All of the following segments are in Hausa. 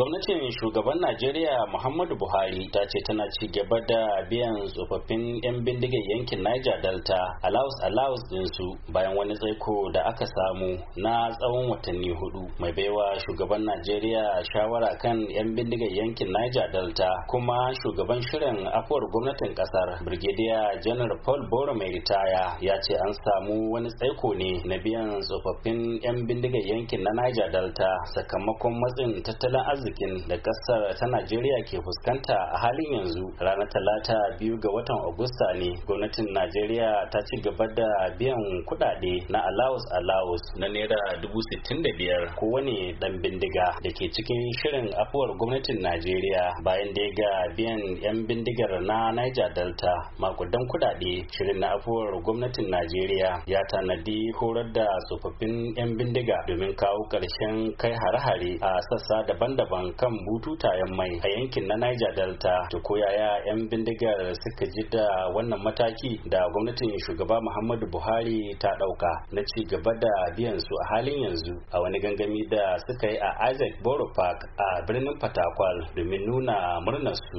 gwamnatin shugaban najeriya muhammadu buhari ta ce tana ci gaba da biyan tsofaffin 'yan bindigar yankin niger delta Allows allowance dinsu bayan wani tsaiko da aka samu na tsawon watanni hudu mai baiwa shugaban najeriya shawara kan 'yan bindigar yankin niger delta kuma shugaban shirin afuwar gwamnatin kasar brigadier Janar paul boro mai ritaya ya ce an samu wani tsaiko ne na biyan tsofaffin 'yan bindigar yankin na niger delta sakamakon matsin tattalin arziki arzikin da kasar ta Najeriya ke fuskanta a halin yanzu ranar talata biyu ga watan Agusta ne gwamnatin Najeriya ta ci gaba da biyan kudade na allowance allowance na naira dubu sittin da biyar kowane dan bindiga da ke cikin shirin afuwar gwamnatin Najeriya bayan da ga biyan yan bindigar na Niger Delta makudan kudade shirin na afuwar gwamnatin Najeriya ya tanadi horar da tsofaffin yan bindiga domin kawo ƙarshen kai hare-hare a sassa daban-daban musamman kan bututayen mai a yankin na Niger Delta da koyaya 'yan bindigar suka ji da wannan mataki da gwamnatin shugaba Muhammadu Buhari ta ɗauka na ci gaba da biyan su a halin yanzu a wani gangami da suka yi a Isaac Boro Park a birnin Fatakwal domin nuna murnar su.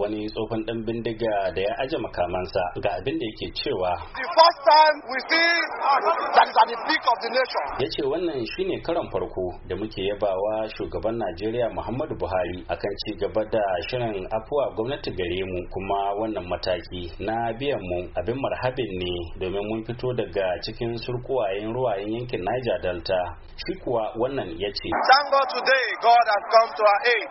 wani tsohon dan bindiga da ya aje makamansa ga abin da yake cewa ya ce wannan shine karan farko da muke yabawa shugaban najeriya muhammadu buhari akan ci gaba da shirin afuwa gwamnati gare mu kuma wannan mataki na biyan mu abin marhabin ne domin mun fito daga cikin surkuwayen ruwayen yankin niger delta shi kuwa wannan ya ce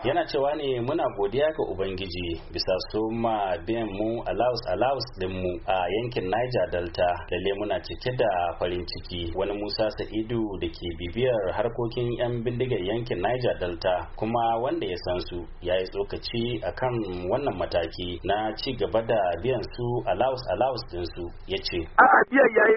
yana cewa ne muna godiya ga ubangiji bisa su ma biyan mu allows allows din mu a yankin Niger Delta lalle muna cike da farin ciki wani Musa Sa'idu da ke bibiyar harkokin yan bindigar yankin Niger Delta kuma wanda ya san su ya yi tsokaci akan wannan mataki na ci gaba da biyan su allows allows din su yace a biyan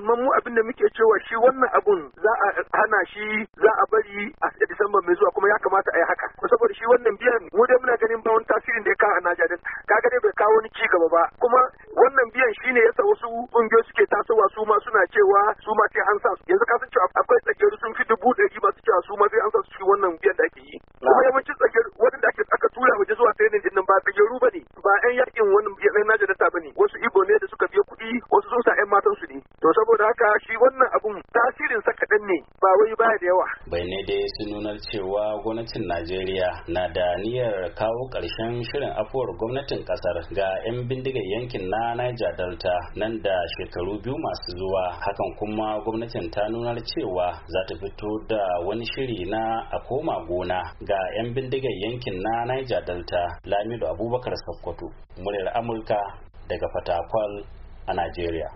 amma mu abin da muke cewa shi wannan abun za a hana shi za a bari a Disamba mai zuwa kuma ya kamata a yi haka ko saboda shi wannan biyan mu dai muna ganin ba wani tasirin da ya kawo a Najeriya kaga dai bai kawo wani ci gaba ba kuma wannan biyan shine yasa wasu ƙungiyoyi suke tasowa su ma suna cewa su ma sai an sa yanzu ka san cewa akwai tsakiyaru sun fi dubu ɗari masu cewa su ma sai an sa su wannan biyan da ake yi kuma yawancin tsakiyaru wanda ake aka tura waje zuwa training din nan ba tsakiyaru ba ne ba 'yan yakin wannan biyan to saboda haka shi wannan abun tasirin sa kaɗan ne ba wai ba da yawa bai ne dai su nunar cewa gwamnatin najeriya na da niyyar kawo ƙarshen shirin afuwar gwamnatin ƙasar ga 'yan bindigar yankin na niger delta nan da shekaru biyu masu zuwa hakan kuma gwamnatin ta nunar cewa za ta fito da wani shiri na a koma gona ga 'yan bindigar yankin na niger delta lamido abubakar sokoto muryar amurka daga fatakwal a Najeriya.